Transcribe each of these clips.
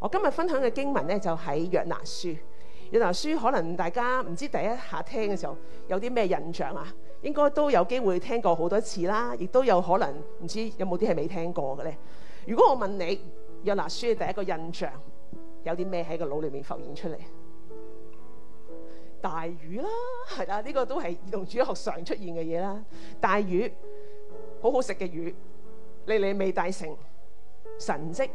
我今日分享嘅經文咧，就喺約拿書。約拿書可能大家唔知第一下聽嘅時候有啲咩印象啊？應該都有機會聽過好多次啦，亦都有可能唔知有冇啲係未聽過嘅咧。如果我問你約拿書嘅第一個印象有啲咩喺個腦裏面浮現出嚟？大魚啦，係啦，呢個都係兒童主日學常出現嘅嘢啦。大魚好好食嘅魚，尼尼微大城，神跡。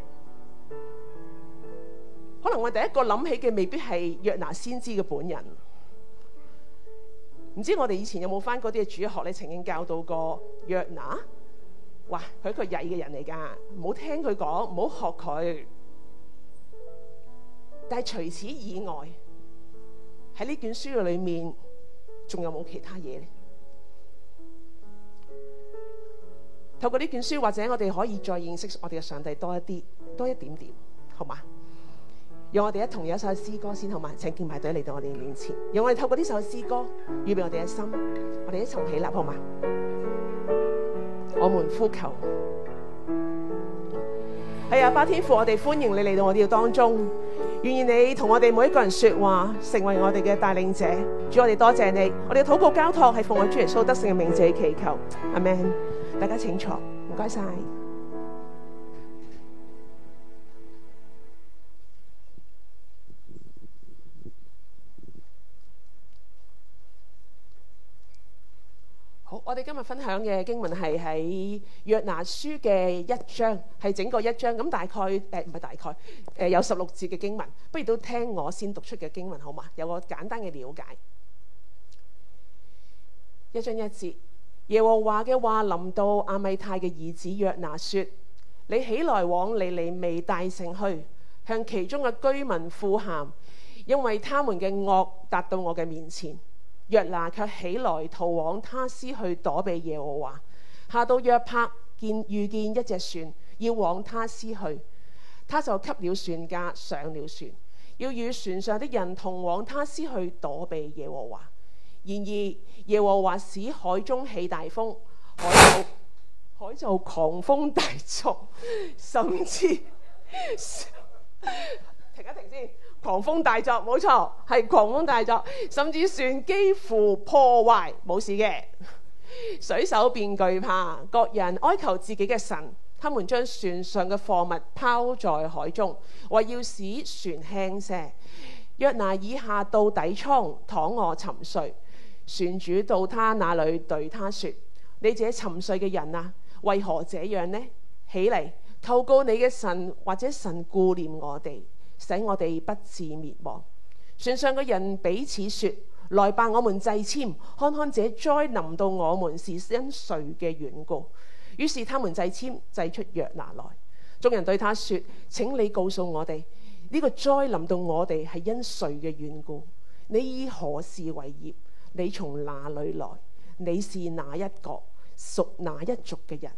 可能我第一個諗起嘅未必係約拿先知嘅本人，唔知我哋以前有冇翻嗰啲嘅主學咧曾經教導過約拿，哇佢一個曳嘅人嚟噶，唔好聽佢講，唔好學佢。但係除此以外，喺呢卷書嘅裏面，仲有冇其他嘢咧？透過呢卷書，或者我哋可以再認識我哋嘅上帝多一啲，多一點點，好嘛？讓我哋一同有一首詩歌先，好嗎？請敬拜隊嚟到我哋面前，讓我哋透過呢首詩歌預備我哋嘅心，我哋一同起立，好嗎？我們呼求，哎啊，阿爸天父，我哋歡迎你嚟到我哋當中，願意你同我哋每一個人說話，成為我哋嘅帶領者。主，我哋多謝你，我哋嘅禱告交托係奉我主耶穌得勝嘅名字去祈求，阿們，大家請坐，唔該晒。我哋今日分享嘅經文係喺約拿書嘅一章，係整個一章咁大概，誒唔係大概，誒、呃、有十六節嘅經文，不如都聽我先讀出嘅經文好嘛？有個簡單嘅了解。一章一節，耶和華嘅話，的話臨到亞米太嘅兒子約拿說：你起來往尼尼微大城去，向其中嘅居民呼喊，因為他們嘅惡達到我嘅面前。約拿卻起來逃往他施去躲避耶和華，下到約帕見遇見一隻船要往他施去，他就給了船價上了船，要與船上的人同往他施去躲避耶和華。然而耶和華使海中起大風，海 海就狂風大作，甚至 停一停先。狂風大作，冇錯，係狂風大作，甚至船幾乎破壞，冇事嘅。 水手便懼怕，各人哀求自己嘅神，他們將船上嘅貨物拋在海中，為要使船輕些。約拿已下到底艙躺卧沉睡，船主到他那裏對他說：你這沉睡嘅人啊，為何這樣呢？起嚟，求告你嘅神，或者神顧念我哋，使我哋不致滅亡。船上嘅人彼此說：來吧，我們祭簽，看看這災臨到我們是因誰嘅緣故。於是他們祭簽，祭出約拿來。眾人對他說：請你告訴我哋，呢、這個災臨到我哋係因誰嘅緣故？你以何事為業？你從哪裏來？你是哪一國、屬哪一族嘅人？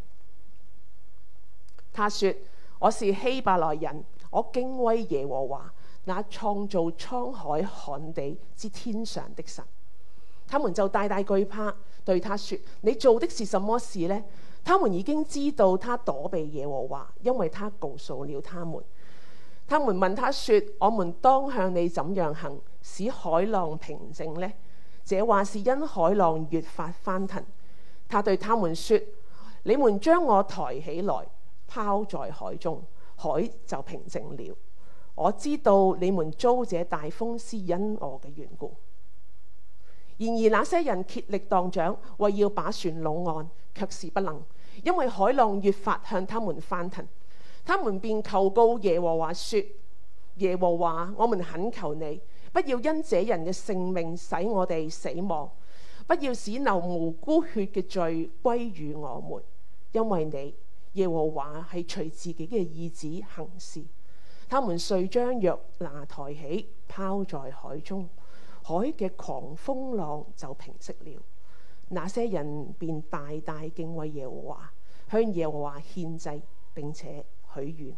他說：我是希伯來人。我敬畏耶和華，那創造滄海旱地之天上的神。他們就大大懼怕，對他說：你做的是什麼事呢？他們已經知道他躲避耶和華，因為他告訴了他們。他們問他說：我們當向你怎樣行，使海浪平靜呢？這話是因海浪越發翻騰。他對他們說：你們將我抬起來，拋在海中。海就平靜了。我知道你們遭這大風是因我嘅緣故。然而那些人竭力盪槳，為要把船攏岸，卻是不能，因為海浪越發向他們翻騰。他們便求告耶和華說：耶和華，我們懇求你，不要因這人嘅性命使我哋死亡，不要使流無辜血嘅罪歸於我們，因為你。耶和華係隨自己嘅意志行事，他們遂將約拿抬起，拋在海中，海嘅狂風浪就平息了。那些人便大大敬畏耶和華，向耶和華獻祭，並且許願。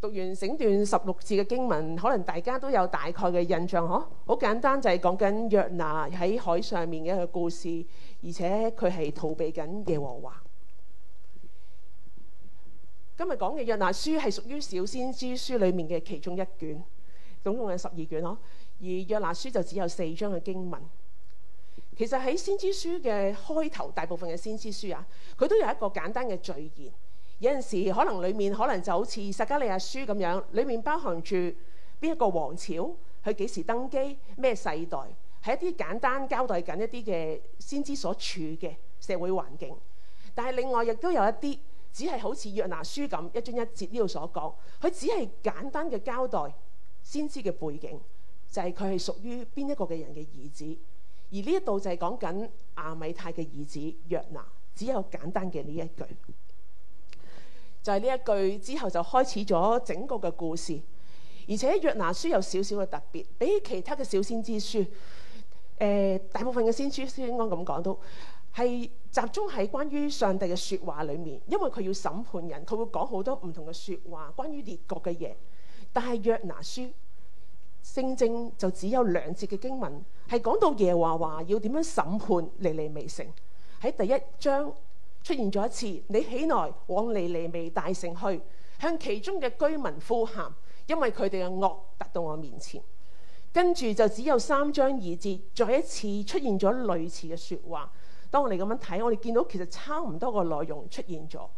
讀完整段十六節嘅經文，可能大家都有大概嘅印象，嗬，好簡單就係講緊約拿喺海上面嘅一個故事，而且佢係逃避緊耶和華。今日講嘅約拿書係屬於小先知書裡面嘅其中一卷，總共有十二卷咯。而約拿書就只有四章嘅經文。其實喺先知書嘅開頭，大部分嘅先知書啊，佢都有一個簡單嘅序言。有陣時可能裡面可能就好似撒迦利亞書咁樣，裡面包含住邊一個王朝，佢幾時登基，咩世代，係一啲簡單交代緊一啲嘅先知所處嘅社會環境。但係另外亦都有一啲。只係好似約拿書咁一章一,一節呢度所講，佢只係簡單嘅交代先知嘅背景，就係佢係屬於邊一個嘅人嘅兒子。而呢一度就係講緊亞米太嘅兒子約拿，只有簡單嘅呢一句，就係、是、呢一句之後就開始咗整個嘅故事。而且約拿書有少少嘅特別，比起其他嘅小先知書，誒、呃、大部分嘅先知書應該咁講都，係集中喺關於上帝嘅説話裏面，因為佢要審判人，佢會講好多唔同嘅説話，關於列國嘅嘢。但係約拿書聖經就只有兩節嘅經文係講到耶和華要點樣審判尼尼微城。喺第一章出現咗一次。你起來往尼尼微大城去，向其中嘅居民呼喊，因為佢哋嘅惡達到我面前。跟住就只有三章二節再一次出現咗類似嘅説話。當我哋咁樣睇，我哋見到其實差唔多個內容出現咗，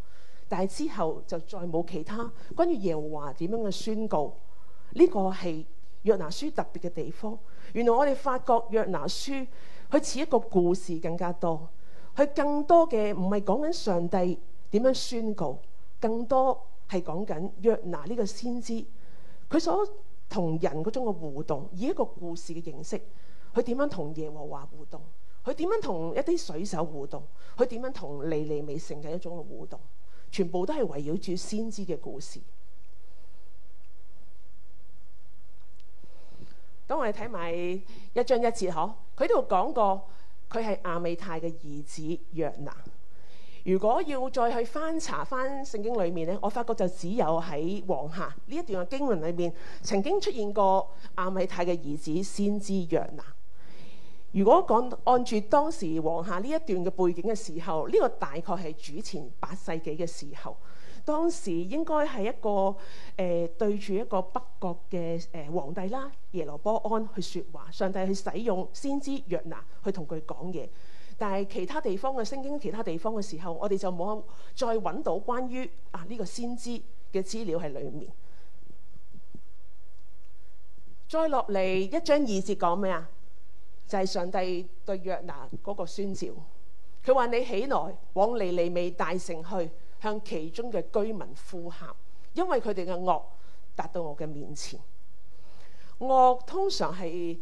但係之後就再冇其他關於耶和華點樣嘅宣告。呢個係約拿書特別嘅地方。原來我哋發覺約拿書佢似一個故事更加多，佢更多嘅唔係講緊上帝點樣宣告，更多係講緊約拿呢個先知佢所同人嗰種嘅互動，以一個故事嘅形式，佢點樣同耶和華互動。佢點樣同一啲水手互動？佢點樣同尼尼微城嘅一種嘅互動？全部都係圍繞住先知嘅故事。當我哋睇埋一章一節呵，佢都講過佢係亞米太嘅兒子約拿。如果要再去翻查翻聖經裏面咧，我發覺就只有喺王下呢一段嘅經文裏面曾經出現過亞米太嘅兒子先知約拿。若如果講按住當時王下呢一段嘅背景嘅時候，呢、這個大概係主前八世紀嘅時候，當時應該係一個誒、呃、對住一個北國嘅誒皇帝啦耶羅波安去説話，上帝去使用先知約拿去同佢講嘢。但係其他地方嘅聖經，其他地方嘅時候，我哋就冇再揾到關於啊呢、這個先知嘅資料喺裡面。再落嚟一章二節講咩啊？就係、是、上帝對約拿嗰個宣召，佢話：你起來往尼尼微大城去，向其中嘅居民呼喊，因為佢哋嘅惡達到我嘅面前。惡通常係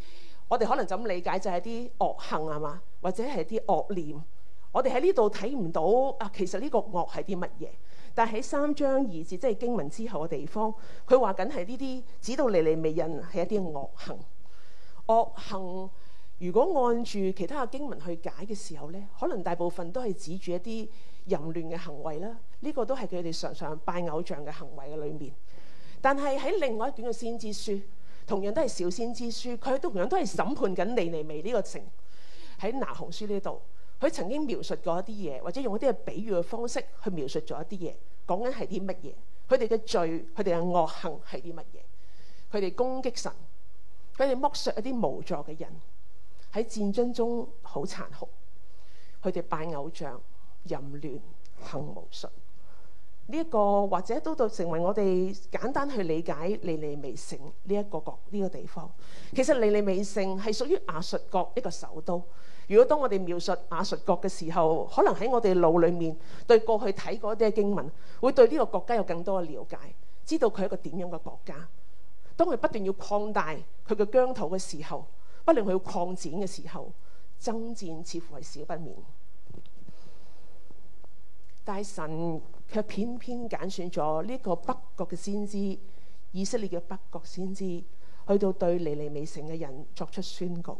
我哋可能就咁理解，就係啲惡行啊嘛，或者係啲惡念。我哋喺呢度睇唔到啊，其實呢個惡係啲乜嘢？但喺三章二節即係經文之後嘅地方，佢話緊係呢啲指到尼尼微人係一啲惡行，惡行。如果按住其他嘅經文去解嘅時候呢，可能大部分都係指住一啲淫亂嘅行為啦。呢、這個都係佢哋常常拜偶像嘅行為嘅裏面。但係喺另外一卷嘅先知書，同樣都係小先知書，佢都同樣都係審判緊尼尼微呢個城。喺那鴻書呢度。佢曾經描述過一啲嘢，或者用一啲嘅比喻嘅方式去描述咗一啲嘢，講緊係啲乜嘢？佢哋嘅罪，佢哋嘅惡行係啲乜嘢？佢哋攻擊神，佢哋剝削一啲無助嘅人。喺戰爭中好殘酷，佢哋拜偶像、淫亂、行無術。呢、這、一個或者都到成為我哋簡單去理解 尼尼微城」呢一個國呢、這個地方。其實尼尼微城」係屬於亞述國一個首都。如果當我哋描述亞述國嘅時候，可能喺我哋腦裡面對過去睇過一啲經文，會對呢個國家有更多嘅了解，知道佢係一個點樣嘅國家。當佢不斷要擴大佢嘅疆土嘅時候。不令佢擴展嘅時候，爭戰似乎係少不免。但係神卻偏偏揀選咗呢個北國嘅先知，以色列嘅北國先知，去到對尼尼微城嘅人作出宣告。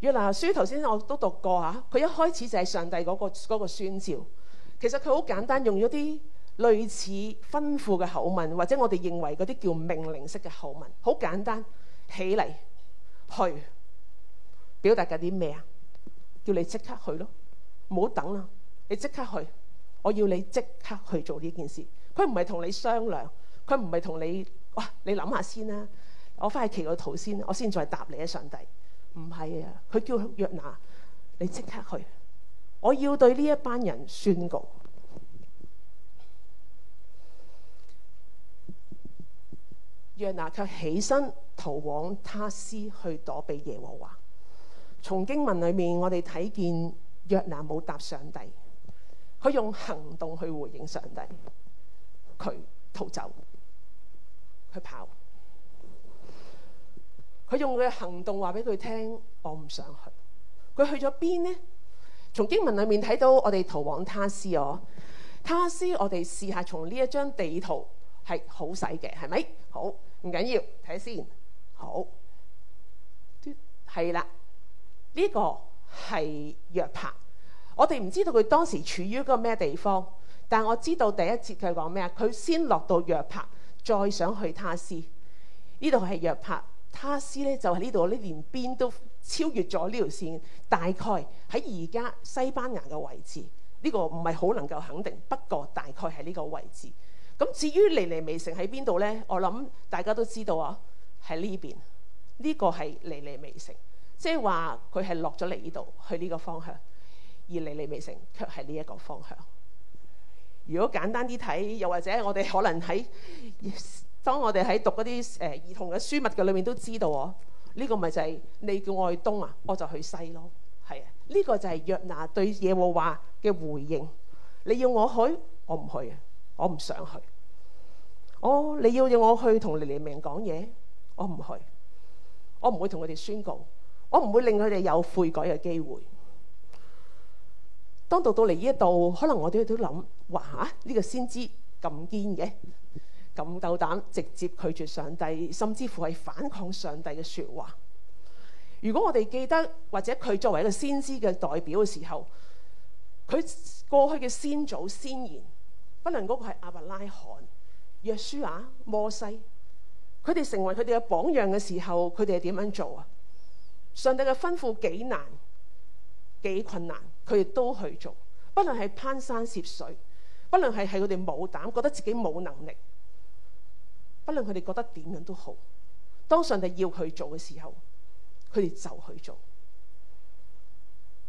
約拿書頭先我都讀過吓，佢一開始就係上帝嗰、嗰個、嗰個宣召，其實佢好簡單，用咗啲。類似吩咐嘅口吻，或者我哋認為嗰啲叫命令式嘅口吻，好簡單，起嚟去，表達緊啲咩啊？叫你即刻去咯，唔好等啦，你即刻去，我要你即刻去做呢件事。佢唔係同你商量，佢唔係同你哇，你諗下先啦，啊，我翻去祈個禱先，我先再答你啊。上帝，唔係啊，佢叫約拿，你即刻去，我要對呢一班人宣告。約拿卻起身逃往他施去躲避耶和華。從經文裏面我哋睇見約拿冇答上帝，佢用行動去回應上帝。佢逃走，佢跑，佢用佢嘅行動話俾佢聽：我唔想去。佢去咗邊呢？從經文裏面睇到我哋逃往他施哦。他施我哋試下從呢一張地圖係好使嘅，係咪？好。唔緊要，睇先。好，係啦，呢個係約帕。我哋唔知道佢當時處於嗰個咩地方，但係我知道第一節佢講咩啊？佢先落到約帕，再想去他斯。呢度係約帕，他斯呢就喺呢度咧，連邊都超越咗呢條線，大概喺而家西班牙嘅位置。呢個唔係好能夠肯定，不過大概係呢個位置。咁至於尼尼微城喺邊度呢？我諗大家都知道啊，喺呢邊，呢、這個係尼尼微城，即係話佢係落咗嚟呢度去呢個方向，而尼尼微城卻係呢一個方向。如果簡單啲睇，又或者我哋可能喺當我哋喺讀嗰啲誒兒童嘅書物嘅裏面都知道啊，呢、這個咪就係、是、你叫我去東啊，我就去西咯，係啊，呢、這個就係約拿對耶和華嘅回應。你要我去，我唔去、啊。我唔想去。Oh, 你要我去同你哋明講嘢，我唔去。我唔會同佢哋宣告，我唔會令佢哋有悔改嘅機會。當讀到嚟呢一度，可能我哋都諗，哇！呢個先知咁堅嘅，咁斗膽，直接拒絕上帝，甚至乎係反抗上帝嘅說話。如果我哋記得或者佢作為一個先知嘅代表嘅時候，佢過去嘅先祖先言。不論嗰個係亞伯拉罕、約書亞、摩西，佢哋成為佢哋嘅榜樣嘅時候，佢哋係點樣做啊？上帝嘅吩咐幾難、幾困難，佢哋都去做。不論係攀山涉水，不論係係佢哋冇膽，覺得自己冇能力，不論佢哋覺得點樣都好，當上帝要佢做嘅時候，佢哋就去做。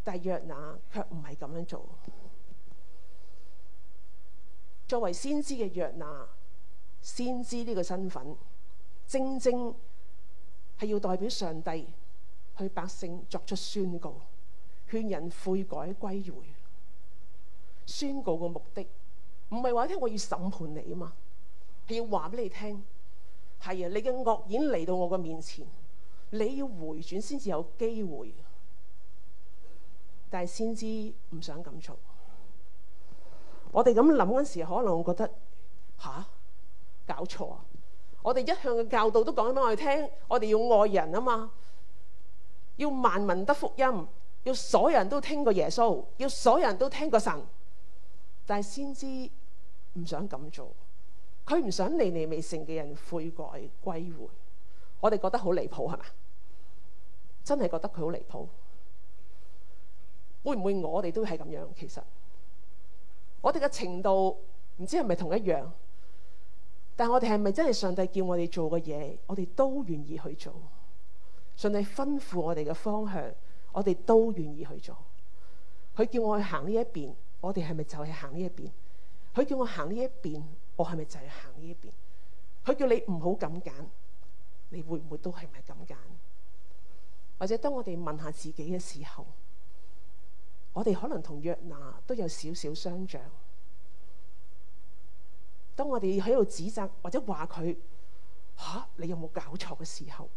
但約拿卻唔係咁樣做。作為先知嘅約拿，先知呢個身份，正正係要代表上帝去百姓作出宣告，勸人悔改歸回。宣告嘅目的唔係話聽我要審判你啊嘛，係要話俾你聽，係啊，你嘅惡言嚟到我嘅面前，你要回轉先至有機會。但係先知唔想咁做。我哋咁諗嗰時候，可能會覺得吓、啊、搞錯啊！我哋一向嘅教導都講俾我哋聽，我哋要愛人啊嘛，要萬民得福音，要所有人都聽過耶穌，要所有人都聽過神。但係先知唔想咁做，佢唔想尼尼微嘅人悔改歸回。我哋覺得好離譜係咪？真係覺得佢好離譜。會唔會我哋都係咁樣？其實。我哋嘅程度唔知係咪同一樣，但係我哋係咪真係上帝叫我哋做嘅嘢，我哋都願意去做。上帝吩咐我哋嘅方向，我哋都願意去做。佢叫我去行呢一邊，我哋係咪就係行呢一邊？佢叫我行呢一邊，我係咪就係行呢一邊？佢叫你唔好咁揀，你會唔會都係咪咁揀？或者當我哋問下自己嘅時候。我哋可能同約拿都有少少相像。當我哋喺度指責或者話佢吓，你有冇搞錯嘅時候，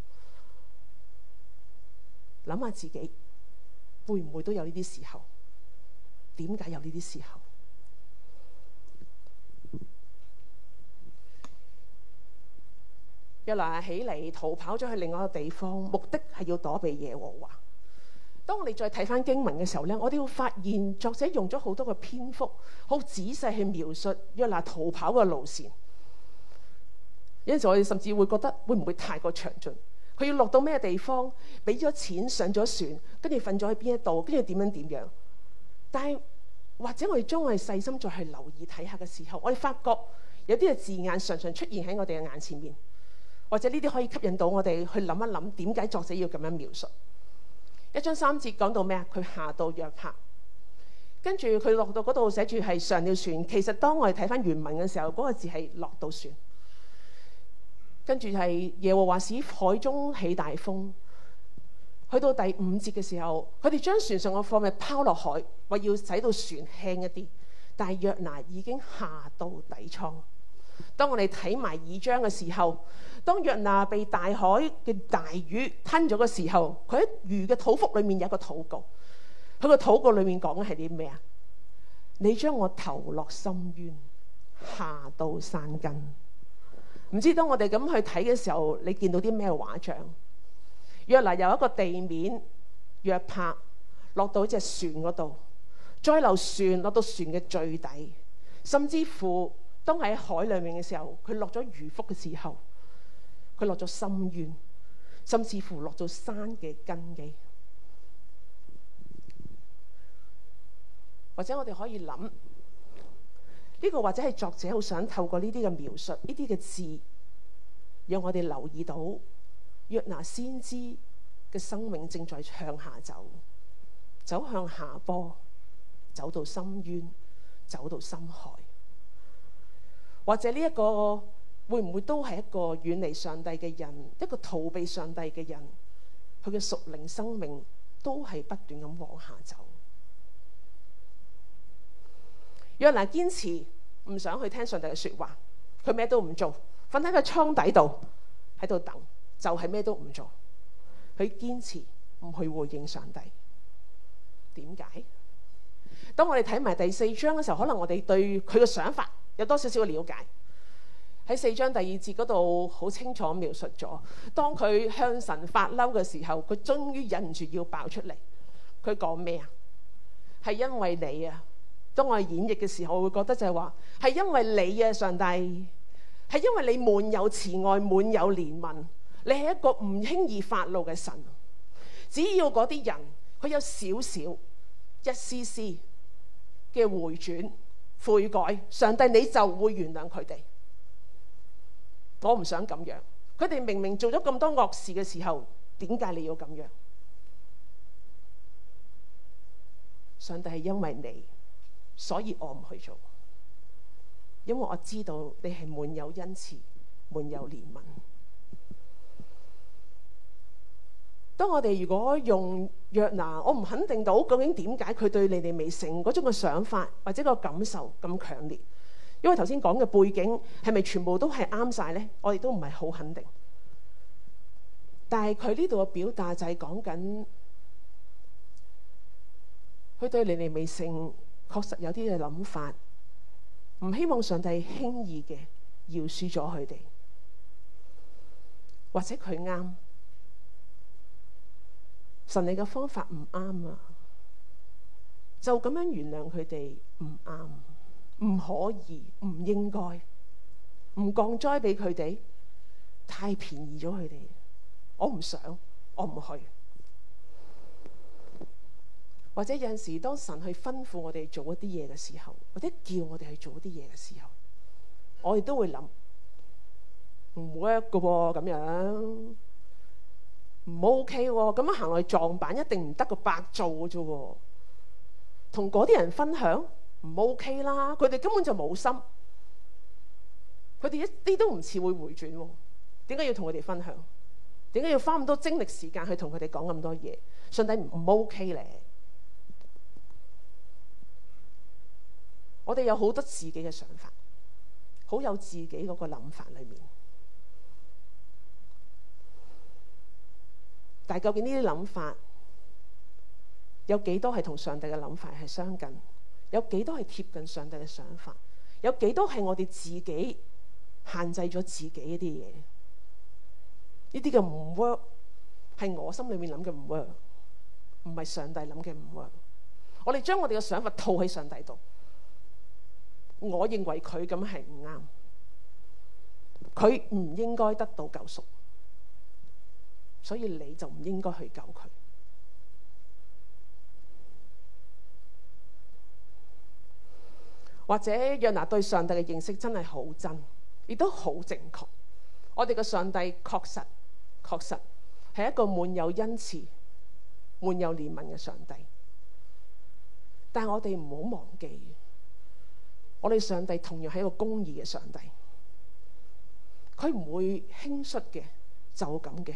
諗下自己會唔會都有呢啲時候？點解有呢啲時候？約拿起嚟逃跑咗去另外一個地方，目的係要躲避耶和華。當你再睇翻經文嘅時候呢，我哋會發現作者用咗好多嘅篇幅，好仔細去描述約拿逃跑嘅路線。有陣時我哋甚至會覺得，會唔會太過詳盡？佢要落到咩地方？俾咗錢上咗船，跟住瞓咗喺邊一度，跟住點樣點樣？但係或者我哋將我哋細心再去留意睇下嘅時候，我哋發覺有啲嘅字眼常常出現喺我哋嘅眼前面，或者呢啲可以吸引到我哋去諗一諗，點解作者要咁樣描述？一章三節講到咩啊？佢下到約拿，跟住佢落到嗰度寫住係上了船。其實當我哋睇翻原文嘅時候，嗰個字係落到船。跟住係耶和華使海中起大風。去到第五節嘅時候，佢哋將船上嘅貨物拋落海，為要使到船輕一啲。但係約拿已經下到底艙。當我哋睇埋二章嘅時候，當約拿被大海嘅大魚吞咗嘅時候，佢喺魚嘅肚腹裏面有一個禱告，佢個禱告裏面講嘅係啲咩啊？你將我投落深淵，下到山根。唔知道當我哋咁去睇嘅時候，你見到啲咩畫像？約拿由一個地面約帕落到隻船嗰度，再流船落到船嘅最底，甚至乎。當喺海裏面嘅時候，佢落咗魚腹嘅時候，佢落咗深淵，甚至乎落咗山嘅根基。或者我哋可以諗呢、這個，或者係作者好想透過呢啲嘅描述，呢啲嘅字，讓我哋留意到約拿先知嘅生命正在向下走，走向下坡，走到深淵，走到深海。或者呢一個會唔會都係一個遠離上帝嘅人，一個逃避上帝嘅人，佢嘅屬靈生命都係不斷咁往下走。約拿堅持唔想去聽上帝嘅說話，佢咩都唔做，瞓喺個倉底度喺度等，就係、是、咩都唔做，佢堅持唔去回應上帝。點解？當我哋睇埋第四章嘅時候，可能我哋對佢嘅想法，有多少少嘅了解。喺四章第二節嗰度好清楚描述咗。當佢向神發嬲嘅時候，佢終於忍唔住要爆出嚟。佢講咩啊？係因為你啊！當我演繹嘅時候，我會覺得就係話，係因為你啊，上帝，係因為你滿有慈愛，滿有憐憫，你係一個唔輕易發怒嘅神。只要嗰啲人佢有少少、一絲絲嘅回轉悔改，上帝你就會原諒佢哋。我唔想咁樣，佢哋明明做咗咁多惡事嘅時候，點解你要咁樣？上帝係因為你，所以我唔去做，因為我知道你係滿有恩慈，滿有憐憫。當我哋如果用約拿，我唔肯定到究竟點解佢對尼尼微城嗰種嘅想法或者個感受咁強烈，因為頭先講嘅背景係咪全部都係啱晒呢？我哋都唔係好肯定。但係佢呢度嘅表達就係講緊，佢對尼尼微城確實有啲嘅諗法，唔希望上帝輕易嘅饒恕咗佢哋，或者佢啱。神你嘅方法唔啱啊！就咁樣原諒佢哋唔啱，唔可以，唔應該，唔降災俾佢哋，太便宜咗佢哋。我唔想，我唔去。或者有陣時，當神去吩咐我哋做一啲嘢嘅時候，或者叫我哋去做一啲嘢嘅時候，我哋都會諗唔 work 嘅噃，咁樣不的、啊。唔 OK 喎，咁樣行落去，撞板一定唔得，個白做嘅啫。同嗰啲人分享唔 OK 啦，佢哋、啊、根本就冇心，佢哋一啲都唔似會回轉、啊。點解要同佢哋分享？點解要花咁多精力時間去同佢哋講咁多嘢？上帝唔 OK 咧。我哋有好多自己嘅想法，好有自己嗰個諗法裡面。但究竟呢啲諗法有幾多係同上帝嘅諗法係相近？有幾多係貼近上帝嘅想法？有幾多係我哋自己限制咗自己一啲嘢？呢啲嘅唔 work 係我心裏面諗嘅唔 work，唔係上帝諗嘅唔 work。我哋將我哋嘅想法套喺上帝度，我認為佢咁係唔啱，佢唔應該得到救贖。所以你就唔應該去救佢，或者約拿對上帝嘅認識真係好真，亦都好正確。我哋嘅上帝確實確實係一個滿有恩慈、滿有憐憫嘅上帝，但係我哋唔好忘記，我哋上帝同樣係一個公義嘅上帝，他不的，佢唔會輕率嘅就咁嘅。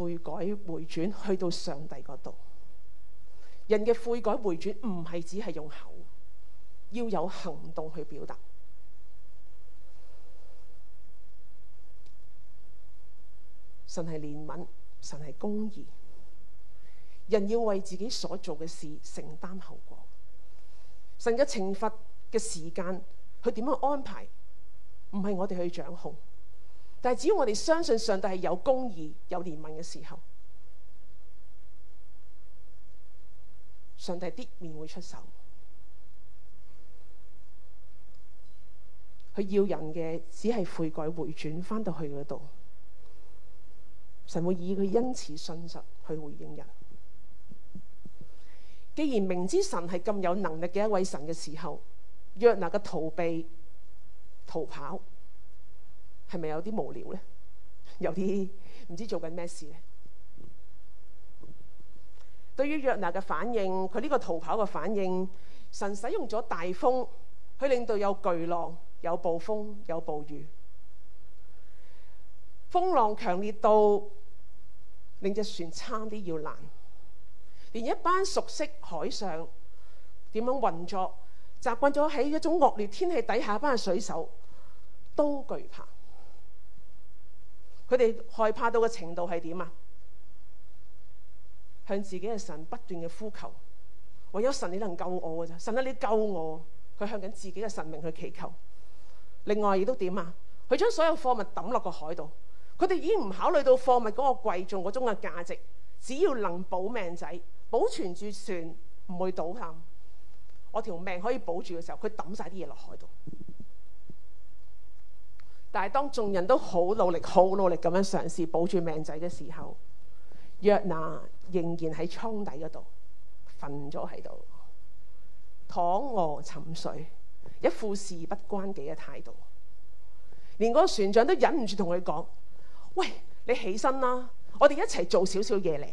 悔改回轉去到上帝嗰度，人嘅悔改回轉唔係只係用口，要有行動去表達。神係憐憫，神係公義，人要為自己所做嘅事承擔後果。神嘅懲罰嘅時間，佢點樣安排，唔係我哋去掌控。但只要我哋相信上帝係有公義、有憐憫嘅時候，上帝啲面會出手。佢要人嘅只係悔改回轉返到去嗰度，神會以佢因此信實去回應人。既然明知神係咁有能力嘅一位神嘅時候，約拿嘅逃避、逃跑。係咪有啲無聊呢？有啲唔知做緊咩事呢？對於約拿嘅反應，佢呢個逃跑嘅反應，神使用咗大風，佢令到有巨浪、有暴風、有暴雨，風浪強烈到令隻船差啲要爛，連一班熟悉海上點樣運作、習慣咗喺一種惡劣天氣底下，班嘅水手都懼怕。佢哋害怕到嘅程度係點啊？向自己嘅神不斷嘅呼求，唯有神你能救我嘅啫。神啊，你救我！佢向緊自己嘅神明去祈求。另外亦都點啊？佢將所有貨物抌落個海度。佢哋已經唔考慮到貨物嗰個貴重嗰種嘅價值，只要能保命仔，保存住船唔會倒冚。我條命可以保住嘅時候，佢抌晒啲嘢落海度。但係當眾人都好努力、好努力咁樣嘗試保住命仔嘅時候，約拿仍然喺艙底嗰度瞓咗喺度，躺卧沉睡，一副事不關己嘅態度。連個船長都忍唔住同佢講：喂，你起身啦，我哋一齊做少少嘢嚟。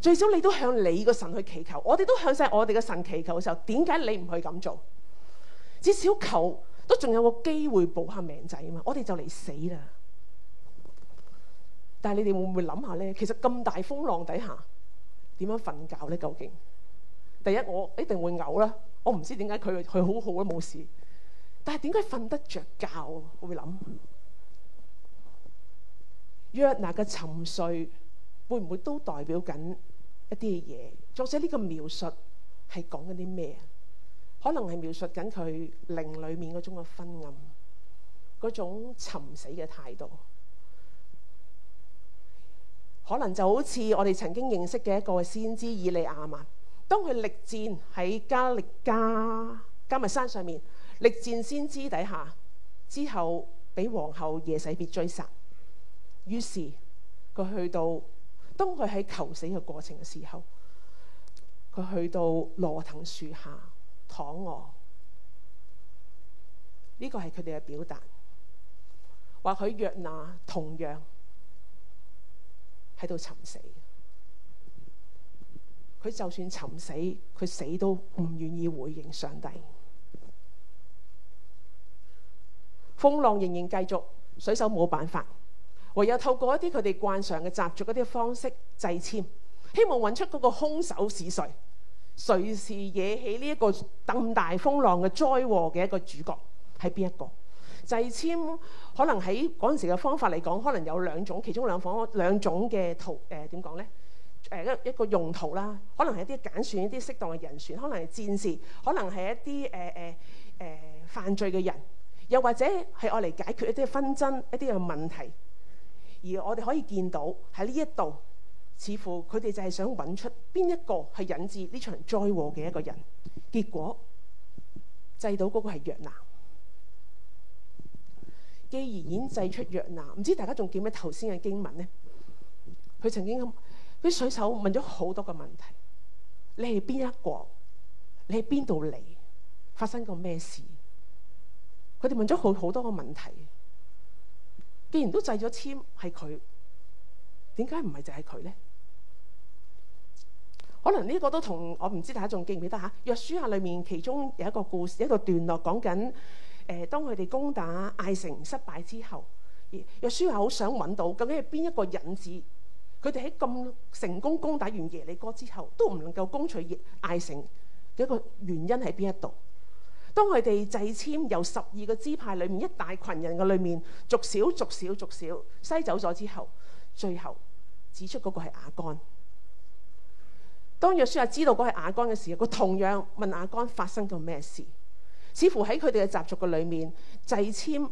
最少你都向你個神去祈求，我哋都向晒我哋嘅神祈求嘅時候，點解你唔去咁做？至少求。都仲有個機會保下命仔嘛？我哋就嚟死啦！但係你哋會唔會諗下呢？其實咁大風浪底下，點樣瞓覺呢？究竟第一，我一定會嘔啦！我唔知點解佢佢好好咯，冇事，但係點解瞓得着覺？我會諗約拿嘅沉睡會唔會都代表緊一啲嘢？作者呢個描述係講緊啲咩啊？可能係描述緊佢靈裏面嗰種嘅昏暗，嗰種尋死嘅態度。可能就好似我哋曾經認識嘅一個先知以利亞嘛。當佢力戰喺加利加加密山上面力戰先知底下，之後俾皇后耶洗別追殺，於是佢去到當佢喺求死嘅過程嘅時候，佢去到羅藤樹下。躺臥呢個係佢哋嘅表達。或許約拿同樣喺度尋死，佢就算尋死，佢死都唔願意回應上帝。嗯。風浪仍然繼續，水手冇辦法，唯有透過一啲佢哋慣常嘅習俗嗰啲方式祭籤，希望揾出嗰個兇手是誰。誰係惹起呢一個咁大風浪嘅災禍嘅一個主角係邊一個？掣籤可能喺嗰陣時嘅方法嚟講，可能有兩種，其中兩方兩種嘅途誒點講咧？誒、呃、一、呃、一個用途啦，可能係一啲揀選一啲適當嘅人選，可能係戰士，可能係一啲誒誒誒犯罪嘅人，又或者係用嚟解決一啲紛爭一啲嘅問題。而我哋可以見到喺呢一度。似乎佢哋就係想揾出邊一個係引致呢場災禍嘅一個人，結果製到嗰個係約拿。既然演製出約拿，唔知大家仲記唔記得頭先嘅經文咧？佢曾經噉，佢水手問咗好多個問題：你係邊一個？你係邊度嚟？發生過咩事？佢哋問咗好好多個問題。既然都製咗簽係佢，點解唔係就係佢咧？可能呢個都同我唔知大家仲記唔記得嚇？約書亞裏面其中有一個故事，一個段落講緊誒，當佢哋攻打艾城失敗之後，約書亞好想揾到究竟係邊一個引子。佢哋喺咁成功攻打完耶利哥之後，都唔能夠攻取艾城嘅一個原因喺邊一度？當佢哋祭籤由十二個支派裏面一大群人嘅裏面逐少逐少逐少，逐少篩走咗之後，最後指出嗰個係亞干。當約書亞知道嗰係亞干嘅時候，佢同樣問亞干發生咗咩事。似乎喺佢哋嘅習俗嘅裏面，祭籤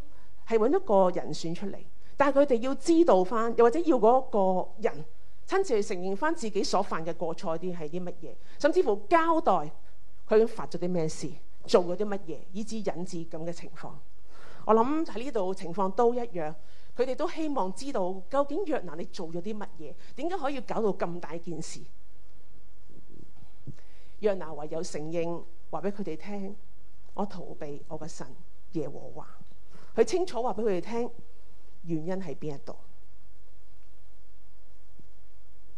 係揾一個人選出嚟，但係佢哋要知道翻，又或者要嗰個人親自去承認翻自己所犯嘅過錯啲係啲乜嘢，甚至乎交代佢已經發咗啲咩事，做咗啲乜嘢，以至引致咁嘅情況。我諗喺呢度情況都一樣，佢哋都希望知道究竟約拿你做咗啲乜嘢，點解可以搞到咁大件事？約拿唯有承認，話俾佢哋聽：我逃避我嘅神耶和華。佢清楚話俾佢哋聽原因喺邊一度。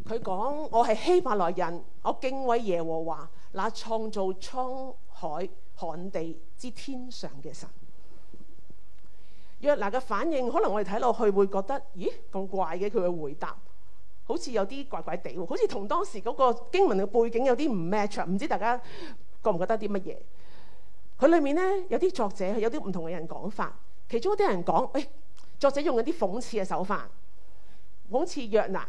佢講：我係希伯來人，我敬畏耶和華，那創造滄海旱地之天上嘅神。約拿嘅反應，可能我哋睇落去會覺得：咦，咁怪嘅佢嘅回答。好似有啲怪怪地，好似同當時嗰個經文嘅背景有啲唔 match。唔知大家覺唔覺得啲乜嘢？佢裏面咧有啲作者有啲唔同嘅人講法，其中一啲人講：誒、哎、作者用一啲諷刺嘅手法。好似約拿，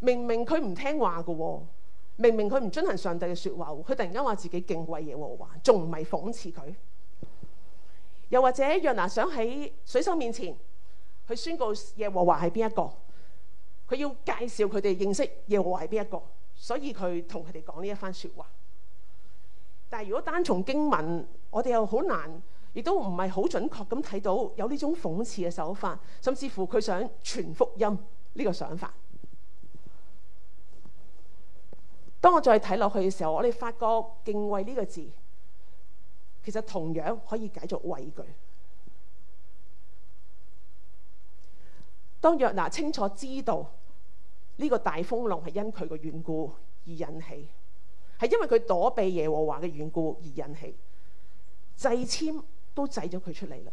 明明佢唔聽話嘅喎，明明佢唔遵行上帝嘅説話，佢突然間話自己敬畏耶和華，仲唔係諷刺佢？又或者約拿想喺水手面前，去宣告耶和華係邊一個？佢要介紹佢哋認識耶和華係邊一個，所以佢同佢哋講呢一番説話。但係如果單從經文，我哋又好難，亦都唔係好準確咁睇到有呢種諷刺嘅手法，甚至乎佢想傳福音呢個想法。當我再睇落去嘅時候，我哋發覺敬畏呢個字其實同樣可以解作畏懼。當約拿清楚知道，呢、這個大風浪係因佢嘅緣故而引起，係因為佢躲避耶和華嘅緣故而引起，掣簽都掣咗佢出嚟啦。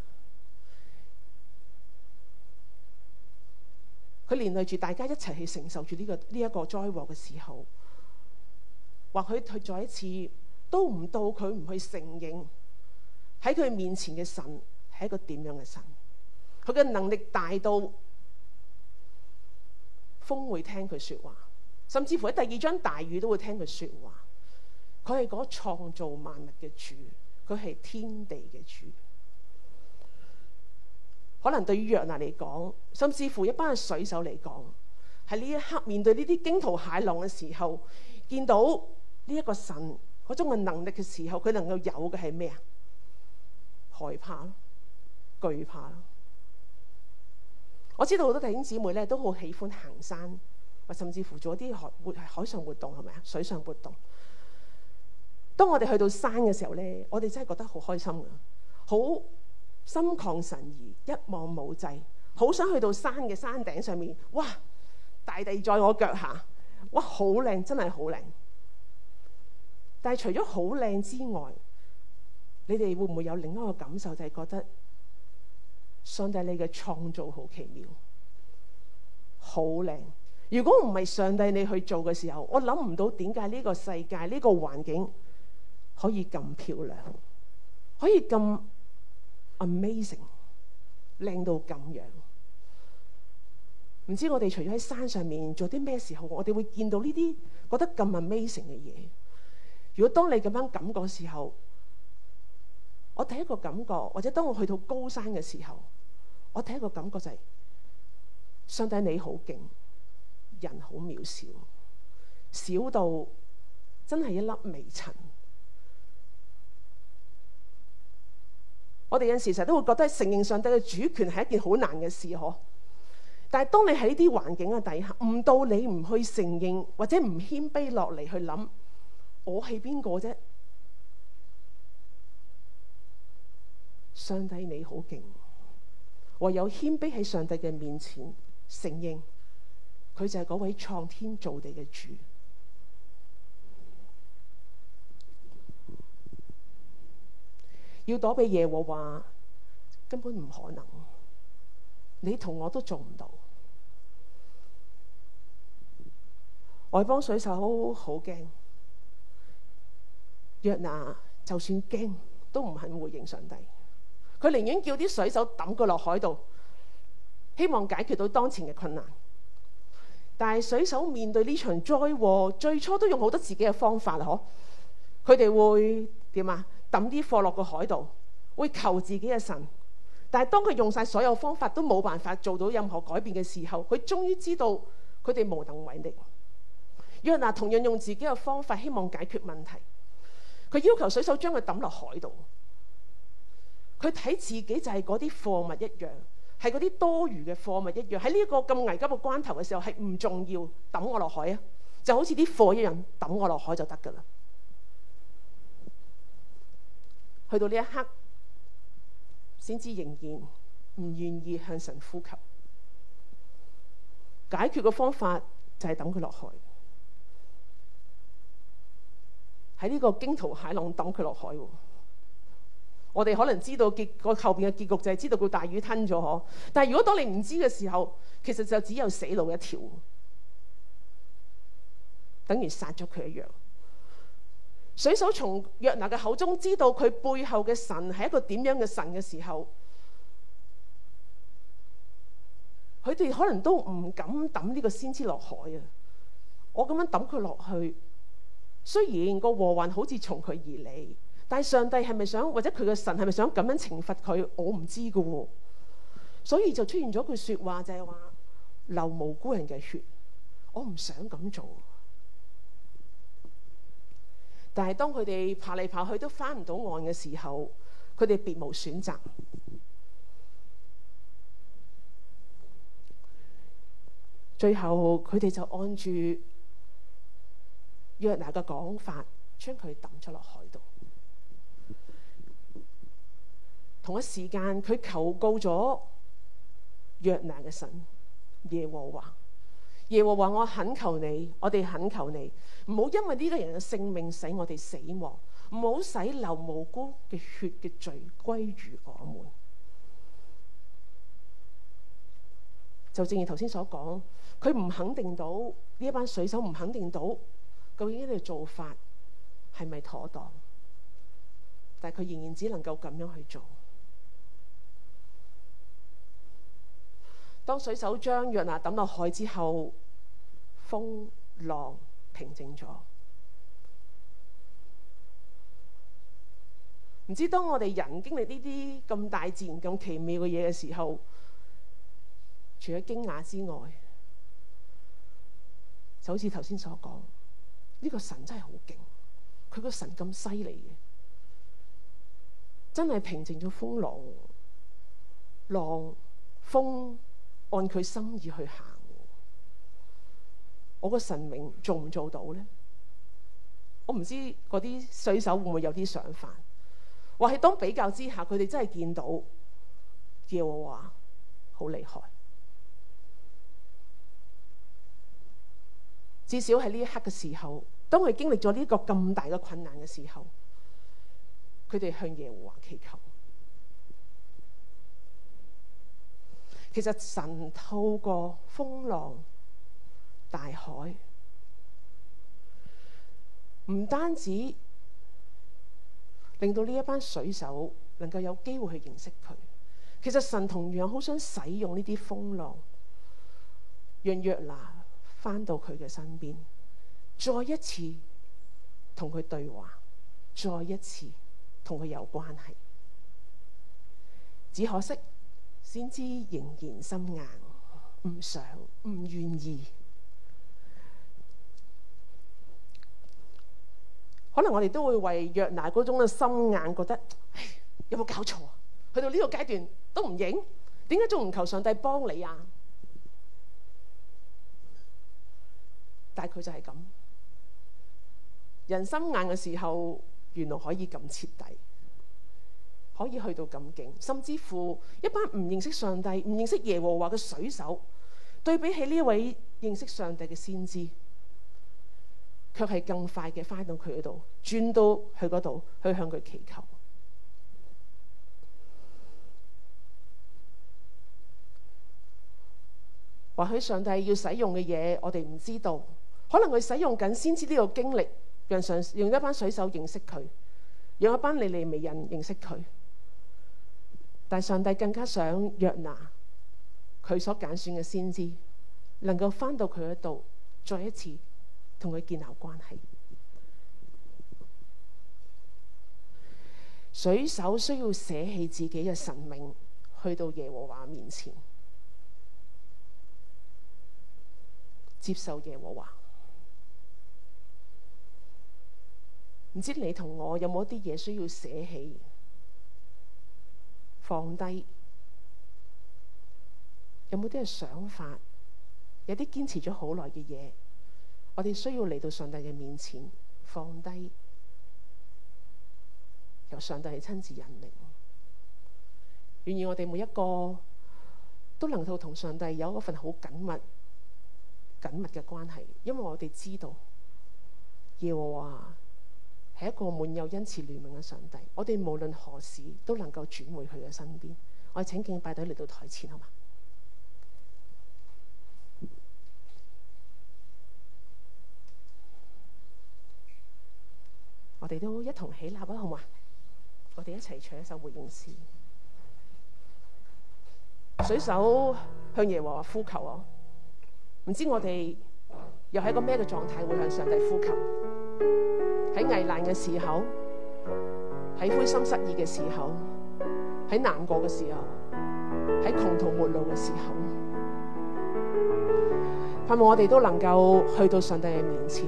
佢連累住大家一齊去承受住呢個呢一個災禍嘅時候，或許佢再一次都唔到佢唔去承認喺佢面前嘅神係一個點樣嘅神，佢嘅能力大到。風會聽佢説話，甚至乎喺第二章大雨都會聽佢説話。佢係嗰個創造萬物嘅主，佢係天地嘅主。可能對於約拿嚟講，甚至乎一班水手嚟講，喺呢一刻面對呢啲驚濤駭浪嘅時候，見到呢一個神嗰種嘅能力嘅時候，佢能夠有嘅係咩啊？害怕咯，懼怕咯。我知道好多弟兄姊妹咧都好喜歡行山，甚至乎做一啲海活海上活動係咪啊？水上活動。當我哋去到山嘅時候咧，我哋真係覺得好開心啊，好心曠神怡，一望無際，好想去到山嘅山頂上面，哇！大地在我腳下，哇！好靚，真係好靚。但係除咗好靚之外，你哋會唔會有另一個感受，就係、是、覺得？上帝你嘅創造好奇妙，好靚。如果唔係上帝你去做嘅時候，我諗唔到點解呢個世界呢個環境可以咁漂亮，可以咁 amazing，靚到咁樣。唔知我哋除咗喺山上面做啲咩時候，我哋會見到呢啲覺得咁 amazing 嘅嘢。如果當你咁樣感覺的時候，我第一個感覺，或者當我去到高山嘅時候。我第一個感覺就係，上帝你好勁，人好渺小，小到真係一粒微塵。我哋有陣時成日都會覺得承認上帝嘅主權係一件好難嘅事嗬，但係當你喺呢啲環境嘅底下，唔到你唔去承認或者唔謙卑落嚟去諗，我係邊個啫？上帝你好勁。唯有謙卑喺上帝嘅面前承認，佢就係嗰位創天造地嘅主。要躲避耶和華，根本唔可能。你同我都做唔到。外邦水手好驚，約拿就算驚都唔肯回應上帝。佢寧願叫啲水手抌佢落海度，希望解決到當前嘅困難。但係水手面對呢場災禍，最初都用好多自己嘅方法嗬，佢哋會點啊？抌啲貨落個海度，會求自己嘅神。但係當佢用晒所有方法都冇辦法做到任何改變嘅時候，佢終於知道佢哋無能為力。約拿同樣用自己嘅方法希望解決問題，佢要求水手將佢抌落海度。佢睇自己就係嗰啲貨物一樣，係嗰啲多餘嘅貨物一樣。喺呢一個咁危急嘅關頭嘅時候，係唔重要，抌我落海啊！就好似啲貨一樣，抌我落海就得㗎喇。去到呢一刻，先知仍然唔願意向神呼求，解決嘅方法就係等佢落海，喺呢個驚濤駭浪抌佢落海。我哋可能知道結個後邊嘅結局就係知道個大魚吞咗嗬，但係如果當你唔知嘅時候，其實就只有死路一條，等於殺咗佢一樣。水手從約拿嘅口中知道佢背後嘅神係一個點樣嘅神嘅時候，佢哋可能都唔敢抌呢個先知落海啊！我咁樣抌佢落去，雖然個禍患好似從佢而嚟。但係上帝係咪想，或者佢嘅神係咪想咁樣懲罰佢？我唔知噶喎，所以就出現咗句說話，就係話流無辜人嘅血，我唔想咁做。但係當佢哋爬嚟爬去都翻唔到岸嘅時候，佢哋別無選擇。最後佢哋就按住約拿嘅講法，將佢抌咗落去。同一時間，佢求告咗約拿嘅神耶和華。耶和華，我懇求你，我哋懇求你，唔好因為呢個人嘅性命使我哋死亡，唔好使流無辜嘅血嘅罪歸於我們。就正如頭先所講，佢唔肯定到呢一班水手，唔肯定到究竟呢個做法係咪妥當，但係佢仍然只能夠咁樣去做。當水手將約拿抌落海之後，風浪平靜咗。唔知當我哋人經歷呢啲咁大自然咁奇妙嘅嘢嘅時候，除咗驚訝之外，就好似頭先所講，呢個神真係好勁，佢個神咁犀利嘅，真係平靜咗風浪、浪風。按佢心意去行，我個神明做唔做到呢？我唔知嗰啲水手會唔會有啲想法，話係當比較之下，佢哋真係見到耶和華好厲害。至少喺呢一刻嘅時候，當佢經歷咗呢個咁大嘅困難嘅時候，佢哋向耶和華祈求。其實神透過風浪大海，唔單止令到呢一班水手能夠有機會去認識佢，其實神同樣好想使用呢啲風浪，讓約拿返到佢嘅身邊，再一次同佢對話，再一次同佢有關係。只可惜。先知仍然心硬，唔想唔願意。可能我哋都會為約拿嗰種嘅心硬覺得，唉，有冇搞錯啊？去到呢個階段都唔認，點解仲唔求上帝幫你啊？大概就係咁，人心硬嘅時候，原來可以咁徹底。可以去到咁勁，甚至乎一班唔認識上帝、唔認識耶和華嘅水手，對比起呢位認識上帝嘅先知，卻係更快嘅翻到佢嗰度，轉到去嗰度去向佢祈求。或許上帝要使用嘅嘢，我哋唔知道，可能佢使用緊先知呢個經歷，讓上用一班水手認識佢，讓一班尼尼微人認識佢。但上帝更加想約拿，佢所揀選嘅先知，能夠翻到佢嗰度，再一次同佢建立關係。水手需要捨棄自己嘅神明，去到耶和華面前，接受耶和華。唔知道你同我有冇啲嘢需要捨棄？放低，有冇啲嘅想法？有啲堅持咗好耐嘅嘢，我哋需要嚟到上帝嘅面前放低，由上帝去親自引領。願意我哋每一個都能夠同上帝有一份好緊密、緊密嘅關係，因為我哋知道要和係一個滿有恩慈憐憫嘅上帝，我哋無論何時，都能夠轉回佢嘅身邊。我哋請敬拜隊嚟到台前，好嘛？我哋都一同起立啦，好嘛？我哋一齊唱一首回應詩。水手向耶和華呼求哦，唔知我哋又係一個咩嘅狀態會向上帝呼求？喺危難嘅時候，喺灰心失意嘅時候，喺難過嘅時候，喺窮途末路嘅時候，盼望我哋都能夠去到上帝嘅面前，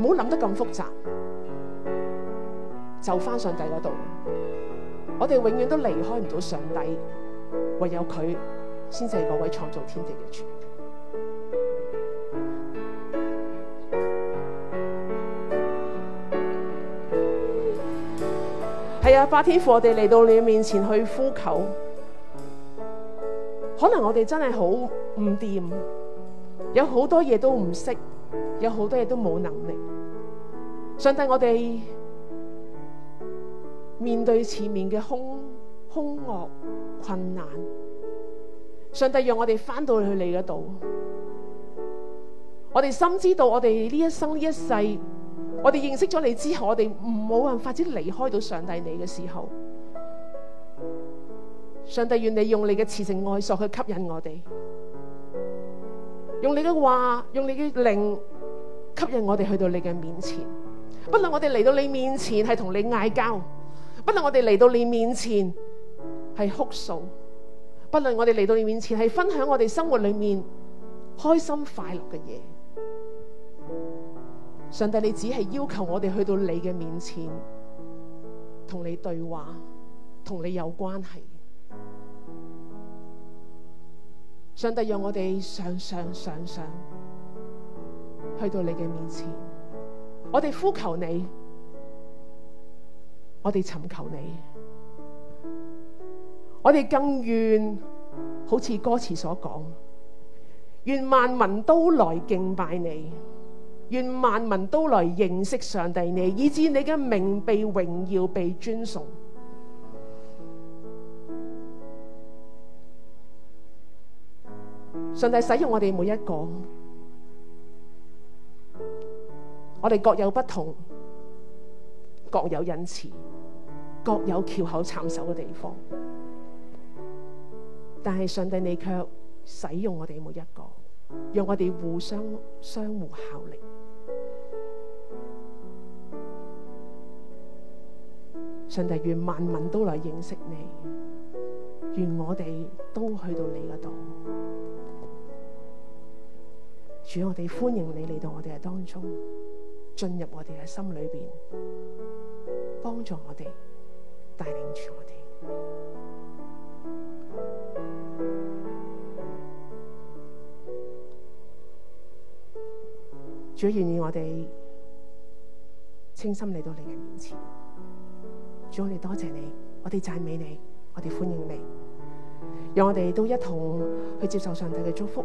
唔好諗得咁複雜，就翻上帝嗰度。我哋永遠都離開唔到上帝，唯有佢先至係嗰位創造天地嘅主。係啊，爸天父，我哋嚟到你面前去呼求，可能我哋真係好唔掂，有好多嘢都唔識，有好多嘢都冇能力。上帝，我哋面對前面嘅凶凶惡困難，上帝讓我哋翻到去你嗰度，我哋深知道我哋呢一生呢一世。我哋認識咗你之後，我哋唔冇辦法子離開到上帝你嘅時候，上帝願意用你嘅慈繩愛索去吸引我哋，用你嘅話，用你嘅靈吸引我哋去到你嘅面前。不論我哋嚟到你面前係同你嗌交，不論我哋嚟到你面前係哭訴，不論我哋嚟到你面前係分享我哋生活裏面開心快樂嘅嘢。上帝，你只係要求我哋去到你嘅面前，同你對話，同你有關係。上帝，讓我哋上上上上去到你嘅面前，我哋呼求你，我哋尋求你，我哋更願好似歌詞所講，願萬民都來敬拜你。願萬民都來認識上帝你，以至你嘅名被榮耀、被尊崇。上帝使用我哋每一個，我哋各有不同，各有恩賜，各有翹口插手嘅地方。但係上帝你卻使用我哋每一個，讓我哋互相相互效力。上帝願萬民都來認識你，願我哋都去到你嗰度。主，我哋歡迎你嚟到我哋嘅當中，進入我哋嘅心裏邊，幫助我哋，帶領住我哋。主要願意我哋清心嚟到你嘅面前。主，我哋多謝你，我哋贊美你，我哋歡迎你，讓我哋都一同去接受上帝嘅祝福。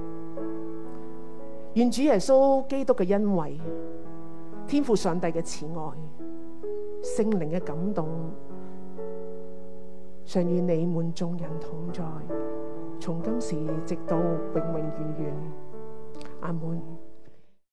願主耶穌基督嘅恩惠、天父上帝嘅慈愛、聖靈嘅感動，常與你們眾人同在，從今時直到永永遠遠。阿門。